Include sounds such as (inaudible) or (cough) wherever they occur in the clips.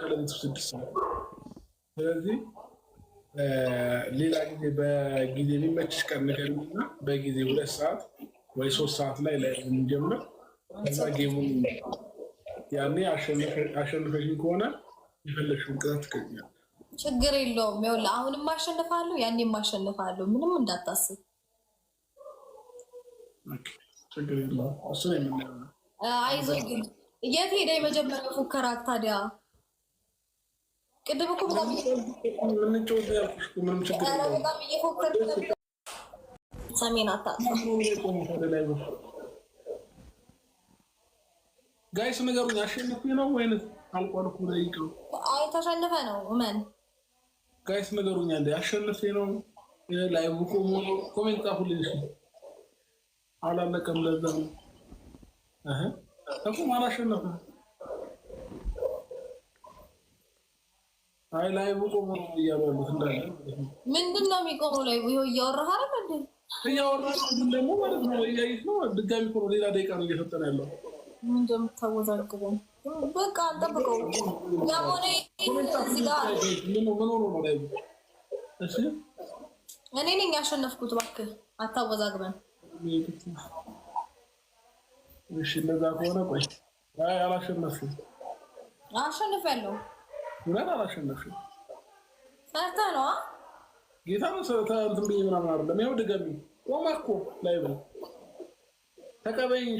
ከሌሊቱ ስድስት ሰዓት። ስለዚህ ሌላ ጊዜ በጊዜ የሚመችሽ ቀን ንገሪኝና በጊዜ ሁለት ሰዓት ወይ ሶስት ሰዓት ላይ ላይ ከዛ ጌሙን ያኔ አሸንፈሽኝ ከሆነ የፈለግሽውን ቅጣት ትቀኛል። ችግር የለውም። ይኸውልህ አሁንም አሸንፋለሁ፣ ያኔም አሸንፋለሁ። ምንም እንዳታስብ። ችግር የለውም። እሱን የምናየው አይዞህ ግን የት ሄደ የመጀመሪያ ፉከራ ታዲያ? ቅድም እኮ በጣም እየፎከር ሰሜን አታ ጋይስ ንገሩኝ፣ አሸንፌ ነው ወይንስ አልቋል? ጠይቀው። አይ ተሸንፈ ነው እመን። ጋይስ ነገሩኝ አንዴ አሸንፌ ነው ላይቭ ቆሞ ኮሜንት ጻፉልኝ። አላለቀም፣ ለዛ ነው እኮ አላሸነፍኩም። አይ ላይቡ ቆሞ ነው እያሉ ያሉት እንዳለ ምንድን ነው የሚቆመው? ላይቡ ይኸው እያወራህ አይደል እንዴ? እያወራህ ግን ደግሞ ማለት ነው እያየት ነው። ድጋሚ እኮ ነው ሌላ ደቂቃ ነው እየፈጠነ ያለው። ምን እንደምታወዛግበው በቃ አልጠብቀው። ምን ሆኖ ነው ላይቡ? እሺ እኔ ነኝ ያሸነፍኩት። እባክህ አታወዛግበን። እሺ እንደዛ ከሆነ ቆይ፣ አይ አላሸነፍም። አሸንፈለሁ። ምን አላሸነፍም? ሰርተህ ነው ጌታ ነው ሰርተህ እንትን ብዬሽ ምናምን አይደለም። ይኸው ድገሚ። ቆማ እኮ ላይ ብለው ተቀበይኝ።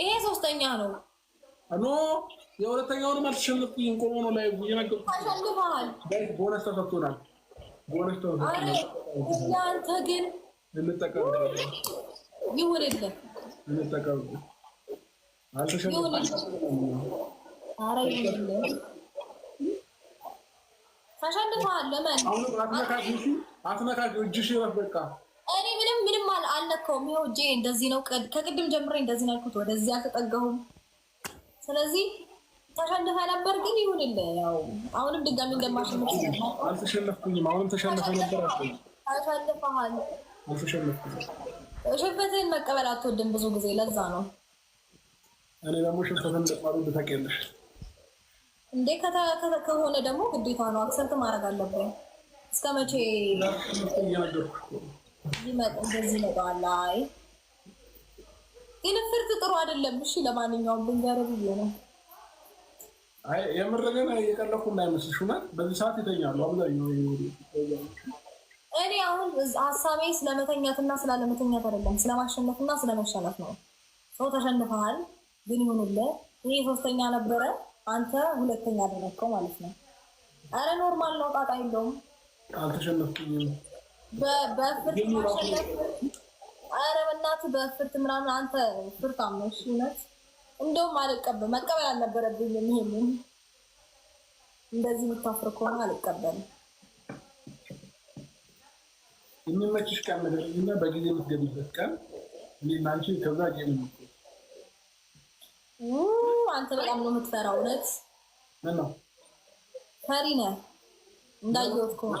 ይሄ ሶስተኛ ነው። አኖ የሁለተኛውንም አልተሸነፍኩም። ቆሞ ነው ላይ የነገርኩህ። ተሸንፈሃል። ቦነስ ተሰጥቶናል። ቦነስ ተሰጥቶናል። አንተ ግን እንጠቀምበት ይሁንልህ አትነካኪ እኔ ምንም ምንም አልነካውም። ይኸው እጄ እንደዚህ ነው። ከቅድም ጀምሬ እንደዚህ ነው ያልኩት፣ ወደዚህ አልተጠጋሁም። ስለዚህ ተሸንፈ ነበር፣ ግን ይሁንልህ። ያው አሁንም ድጋሚ እንደማሸንፍ አልተሸነፍኩኝም። አሁንም ተሸንፈ ነበር። አልተሸነፍኩኝም ሽንፈትን መቀበል አትወድም ብዙ ጊዜ ለዛ ነው። እኔ ደግሞ ሽንፈትን ጥቅማሉ ብታቀልሽ እንዴ ከሆነ ደግሞ ግዴታ ነው አክሰንት ማድረግ አለብን። እስከ መቼ እንደዚህ ይመጣል? አይ ግን ፍርት ጥሩ አይደለም። እሺ ለማንኛውም ብንገር ብዬ ነው። አይ የምር ግን የቀለኩ እንዳይመስልሽ። በዚህ ሰዓት ይተኛሉ አብዛኛው እኔ አሁን ሀሳቤ ስለመተኛትና ስላለመተኛት አይደለም፣ ስለማሸነፍና ስለመሸነፍ ነው። ሰው ተሸንፈሃል፣ ግን ይሁንልህ። ይህ ሶስተኛ ነበረ፣ አንተ ሁለተኛ አደረግከው ማለት ነው። አረ ኖርማል ነው፣ ጣጣ የለውም። አልተሸነፍኩም በፍርድ ማሸነፍ። አረ በእናትህ በፍርድ ምናምን አንተ ፍርት አመሽ። እውነት እንደውም አልቀበል መቀበል አልነበረብኝም። ይሄንን እንደዚህ የምታፍር ከሆነ አልቀበልም። የሚመችሽ ቀን እና በጊዜ የምትገቢበት ቀን እኔም አንቺ ከዛ ጌ ነው አንተ በጣም ነው የምትፈራው። እውነት ነው ፈሪ ነህ እንዳየሁት ከሆነ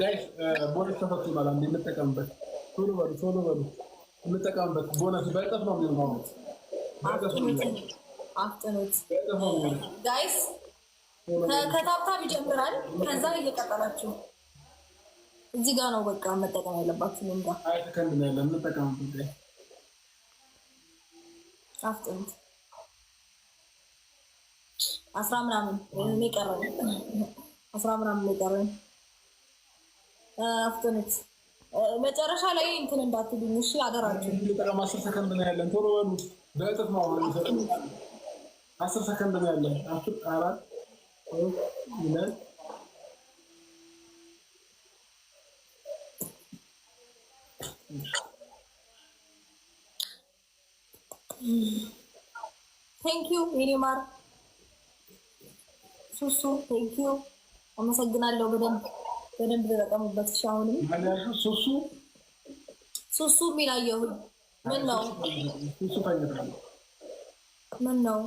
ጋይስ ቦነስ ተፈትሟል። አንዴ የምጠቀምበት ቶሎ በሉ ቶሎ በሉ የምጠቀምበት ቦነስ በእጥፍ ነው የሚሆነው። አፍጥኑት ጋይስ ከታብታብ ይጀምራል። ከዛ እየቀጠላችሁ እዚህ ጋር ነው በቃ መጠቀም ያለባችሁ። ልንጋ አፍጥንት አስራ ምናምን የሚቀረን አስራ ምናምን የሚቀረን አፍጥንት መጨረሻ ላይ እንትን እንዳትሉኝ እሺ፣ አደራችሁ። አስር ሰከንድ ነው ያለን፣ ቶሎ በሉ። በእጥፍ ነው አስር ሰከንድ ነው ያለን። አራት ሁለት ቴንኪው ኒማር ሱሱ ቴንኪው አመሰግናለሁ። በደንብ በደንብ ተጠቀሙበት። አሁንም ሱሱ ሱሱ የሚል ምን ነው ምን ነው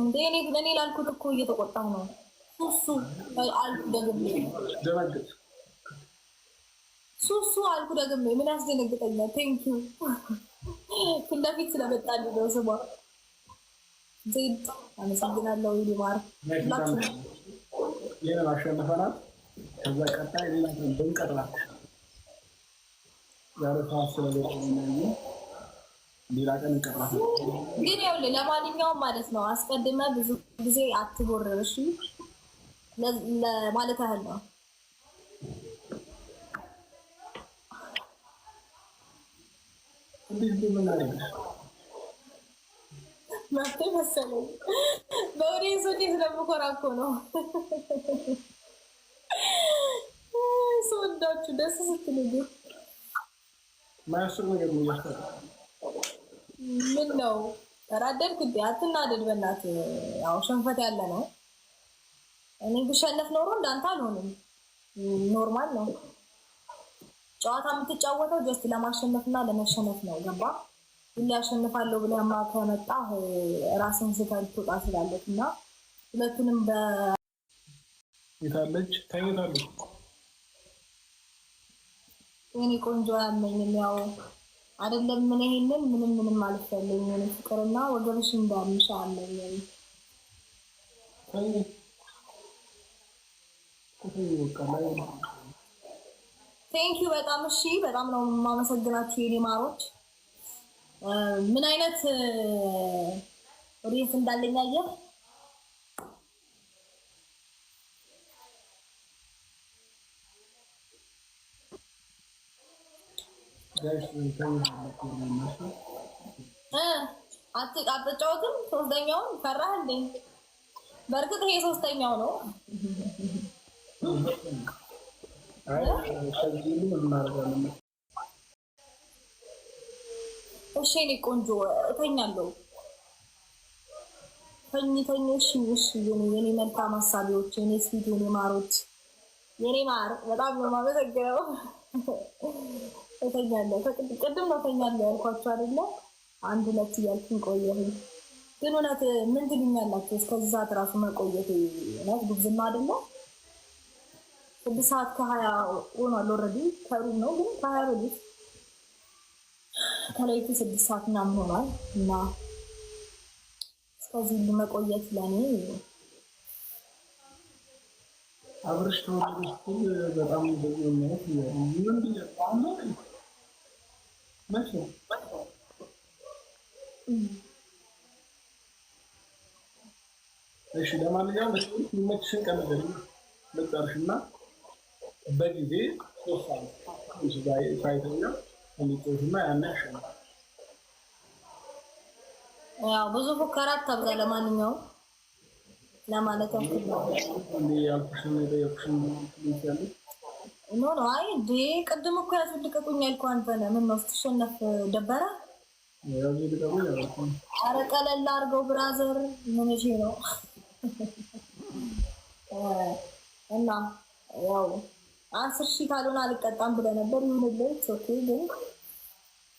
እንዴ? እኔ ላልኩት እኮ እየተቆጣሁ ነው። ሱሱ አልኩ ደግሜ ሱሱ አልኩ ደግሜ። ምን ያስደነግጠኛል? ቴንኪ ፊት ለፊት ስለመጣልኝ ነው። ስሟ ዜድ አመሰግናለሁ። ሊማር አሸንፈናል። ከዛ ቀጣይ ሌላ ድንቀጥላት ሌላ ቀን እንቀጥላት። ግን ይኸውልህ ለማንኛውም ማለት ነው አስቀድመህ ብዙ ጊዜ አትቦርር ለማለት ያህል ነው። መብቴ መሰለኝ። በኦዲየንስ እንዴት ስለምኮራ እኮ ነው። ሰወዳችሁ ደስ ስትልኝ ማያስብ ነገር ምን ነው? ተናደድክ? አትናደድ በእናትህ። ያው ሸንፈት ያለ ነው እኔ ብሸነፍ ኖሮ እንዳንተ አልሆንም። ኖርማል ነው። ጨዋታ የምትጫወተው ጀስት ለማሸነፍና ለመሸነፍ ነው። ገባ ሁሌ ያሸንፋለሁ ብለማ ከመጣ ራስን ስታል ትወጣ ስላለች እና ሁለቱንም ይታለች ታይታለች እኔ ቆንጆ አያመኝም። ያው አይደለም ምን ይሄንን ምንም ምንም አልፈለኝም። ፍቅርና ወገብሽ እንዳምሻ አለኝ ቴንኪው በጣም እሺ፣ በጣም ነው የማመሰግናችሁ የኔ ማሮች። ምን አይነት ኦዲየንስ እንዳለኝ አየህ። አትጫወትም? ሶስተኛውን ፈራህ እንዴ? በእርግጥ ይሄ ሶስተኛው ነው። እሺ እኔ ቆንጆ እተኛለሁ። ተኝ ተኝ። እሺ እሺ። የኔ የኔ መልካም የኔ ስዊት፣ የኔ ማሮች፣ የኔ ማር በጣም ነው የማመሰግነው። እተኛለሁ። ቅድም ነው እተኛለሁ ያልኳቸው አይደለ? አንድ ሁለት እያልኩኝ ቆየሁኝ። ግን እውነት ምን ትሉኛላችሁ? እስከዛ መቆየት እውነት ጉብዝና አይደለም ስድስት ሰዓት ከሀያ ሆኗል። ኦልሬዲ ከሩም ነው ግን ከሀያ በፊት ከሌሊቱ ስድስት ሰዓት ምናምን ሆኗል እና እስከዚህ መቆየት ለእኔ አብረሽ ተወስል በጣም ማለት መቼ እሺ፣ ለማንኛውም ይመችሽን ቀን ነገር እና በጊዜ ሳይተኛ እንዲቆይና ያነ ያሸናል። ያው ብዙ ፉከራ አታብዛ። ለማንኛውም ለማለት ያልኩሽን የጠየኩሽን ያለ ኖ ኖ። አይ ዲ ቅድም እኮ ያስወድቀቁኝ ያልኩ አንተነ ምን ነው ስትሸነፍ ደበረ? ኧረ ቀለል አድርገው ብራዘር። ምን ነው እና ያው አስር ሺህ ካልሆነ አልቀጣም ብለ ነበር። ይሁንለት ኦኬ። ግን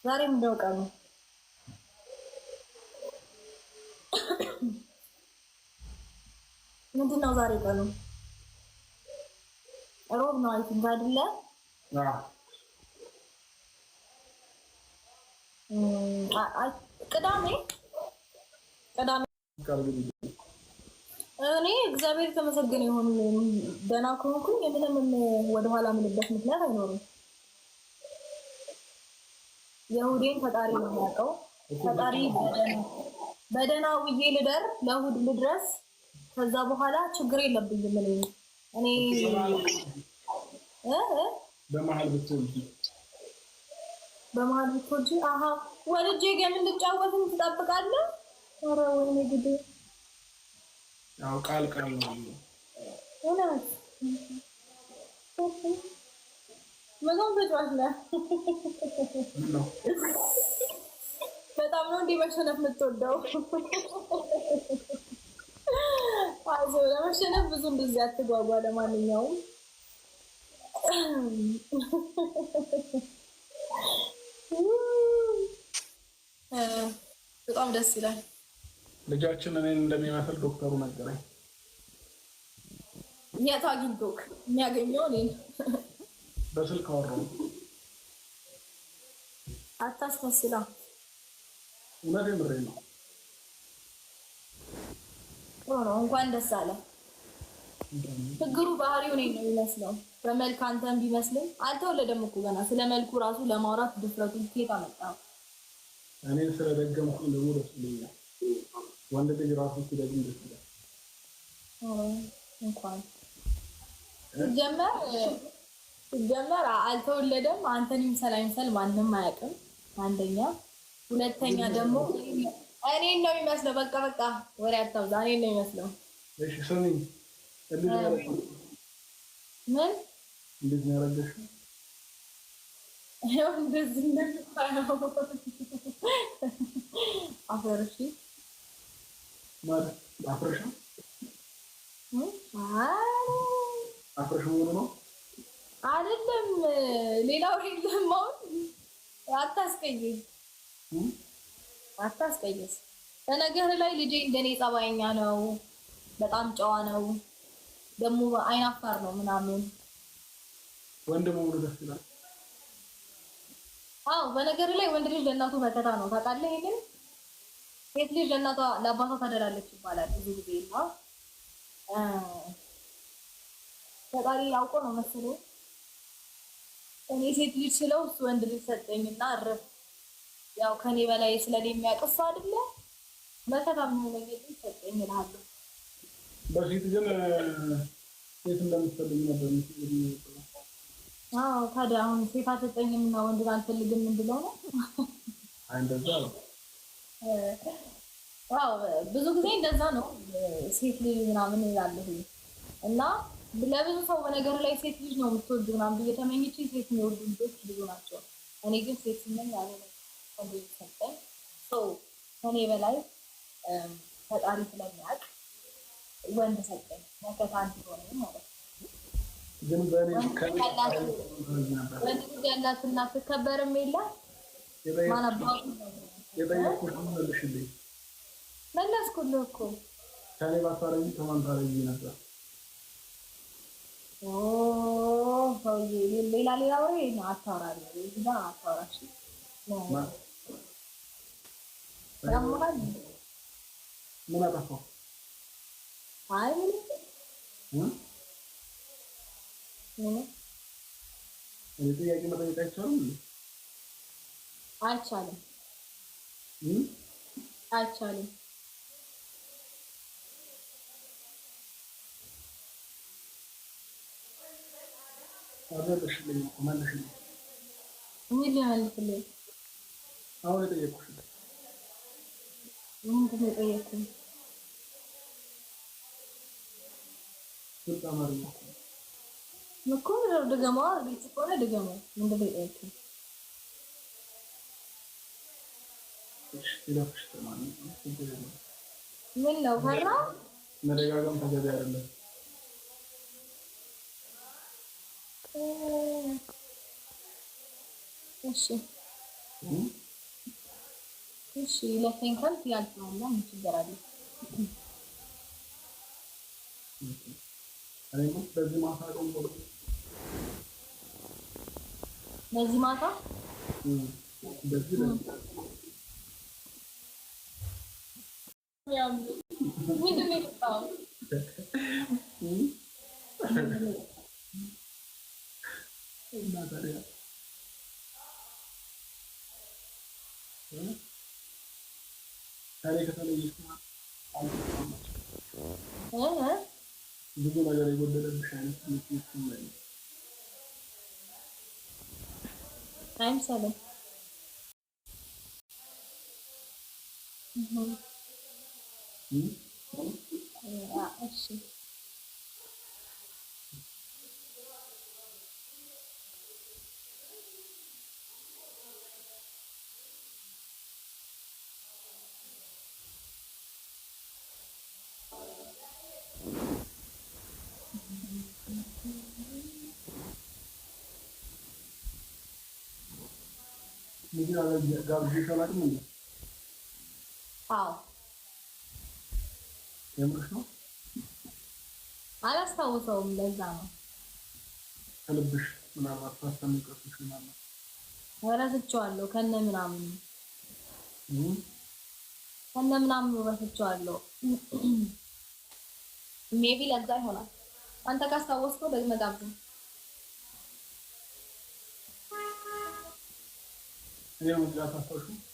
ዛሬ እንደውቀ ነው ምንድን ነው ዛሬ ቀኑ? ሮብ ነው አይቲንክ አይደለ? ቅዳሜ ቅዳሜ እኔ እግዚአብሔር የተመሰገነ ይሁን ደህና ከሆንኩኝ የምንም ወደኋላ ምንበት ምክንያት አይኖርም። የእሑዴን ፈጣሪ ነው የሚያውቀው። ፈጣሪ በደህና ውዬ ልደር ለእሑድ ልድረስ። ከዛ በኋላ ችግር የለብኝም። እኔ እኔ በመሀል ብትወልጂ በመሀል ብትወልጂ አሀ ወልጄ ገምን ልጫወትም ትጠብቃለህ? ኧረ ወይኔ ጉዴ ያው ቃል ቃል ነው። በጣም ነው እንዲህ መሸነፍ የምትወደው። አዞ ለመሸነፍ ብዙ እንደዚህ አትጓጓ። ለማንኛውም በጣም ደስ ይላል። ልጃችን እኔን እንደሚመስል ዶክተሩ ነገረኝ። የት አግኝቶክ? የሚያገኘው እኔን በስልክ አወራሁ። አታስመስላ። እውነት የምሬ ነው። ጥሩ ነው። እንኳን ደስ አለ። ችግሩ ባህሪው እኔን ነው ይመስለው። በመልክ አንተን ቢመስልም አልተወለደም እኮ ገና። ስለ መልኩ ራሱ ለማውራት ድፍረቱ ኬት አመጣ። እኔ ስለደገምኩ ደግሞ ደስ ይለኛል። ወንድ ልጅ ራሱ ሲደግም ደስ ይላል። እንኳን ጀመር አልተወለደም። አንተን ይምሰል አይምሰል ማንም አያውቅም። አንደኛ፣ ሁለተኛ ደግሞ እኔን ነው የሚመስለው። በቃ በቃ ወሬ አታብዛ። እኔን ነው የሚመስለው። እሺ ስሚኝ፣ ምን እንዴት ነው ያደረገሽ? እንደዚህ ነው አፈርሽ ማለት አፍረሽ መሆኑ ነው አይደለም። ሌላው የለም። አሁን አታስቀይስ፣ አታስቀይስ። በነገር ላይ ልጄ እንደኔ ጸባይኛ ነው፣ በጣም ጨዋ ነው፣ ደግሞ አይናፋር ነው ምናምን ወንድ መሆኑ ደስ ይላል። አዎ፣ በነገር ላይ ወንድ ልጅ ለእናቱ መከታ ነው። ታውቃለህ ይሄንን ሴት ልጅ ለእናቷ ለአባቷ ታደላለች ይባላል ብዙ ጊዜ እና ፈጣሪ አውቆ ነው መሰለኝ እኔ ሴት ልጅ ስለው እሱ ወንድ ልጅ ሰጠኝና እረፍ። ያው ከኔ በላይ ስለኔ የሚያቀሱ አይደለ መከታ የሚሆነኝ ልጅ ሰጠኝ ይላሉ። በፊት ግን ሴት እንደምትፈልግ ነበር። ታዲያ አሁን ሴት አትሰጠኝም እና ወንድ አልፈልግም እንድለው ነው እንደዛ ነው ያው ብዙ ጊዜ እንደዛ ነው ሴት ልጅ ምናምን ይላለሁ እና ለብዙ ሰው በነገሩ ላይ ሴት ልጅ ነው የምትወዱ ምናምን ብዬ ተመኝቼ ሴት የሚወዱ ልጆች ብዙ ናቸው። እኔ ግን ሴት ስመኝ ያለ ሰጠኝ ሰው ከኔ በላይ ፈጣሪ ስለሚያውቅ ወንድ ሰጠኝ መከታ እንዲሆነ ማለት ነው። ወንድ ልጅ ያላት እናት ትከበርም የለ ማናባቱ የጠየቅኩሽ መልሽልኝ። መለስኩልህ እኮ ከኔ ባታረኝ ከማን ታረኝ ነበር? ሌላ ሌላ ወሬ አታወራ አታወራሽ ምን አጠፋሁ? አይ ጥያቄ መጠየቅ አይቻልም? አይቻልም። Hı? Aç alayım. هذا بشلي وما بشلي مين اللي علبلي؟ هاو يبقى يكون مين اللي يبقى يكون؟ sultan var mı? Ne kadar da gama, bir çıkana da gama. Bunda bir erkek. ምን ነው ፈራው? መደጋገም ተገቢ አይደለም። እሺ እሺ፣ ለቴንከንት ያልተዋላ ምን ችግር አለ? በዚህ ማታ በዚህ ማታ ብዙ ነገር የጎደለብሽ አይነት አይምሰለም። Hum? Eu acho. Miguel, Gabriel, Gabriel, Gabriel, Gabriel. Qual? የምርሽ ነው? አላስታውሰውም። ለዛ ነው ከልብሽ ምናልባት ፓስታ የሚቀርብሽ ምናምን ከነ ከነ ረስቸዋለሁ። (clears throat) ሜቢ ለዛ ይሆናል። አንተ ካስታወስከው ደግመህ እኔ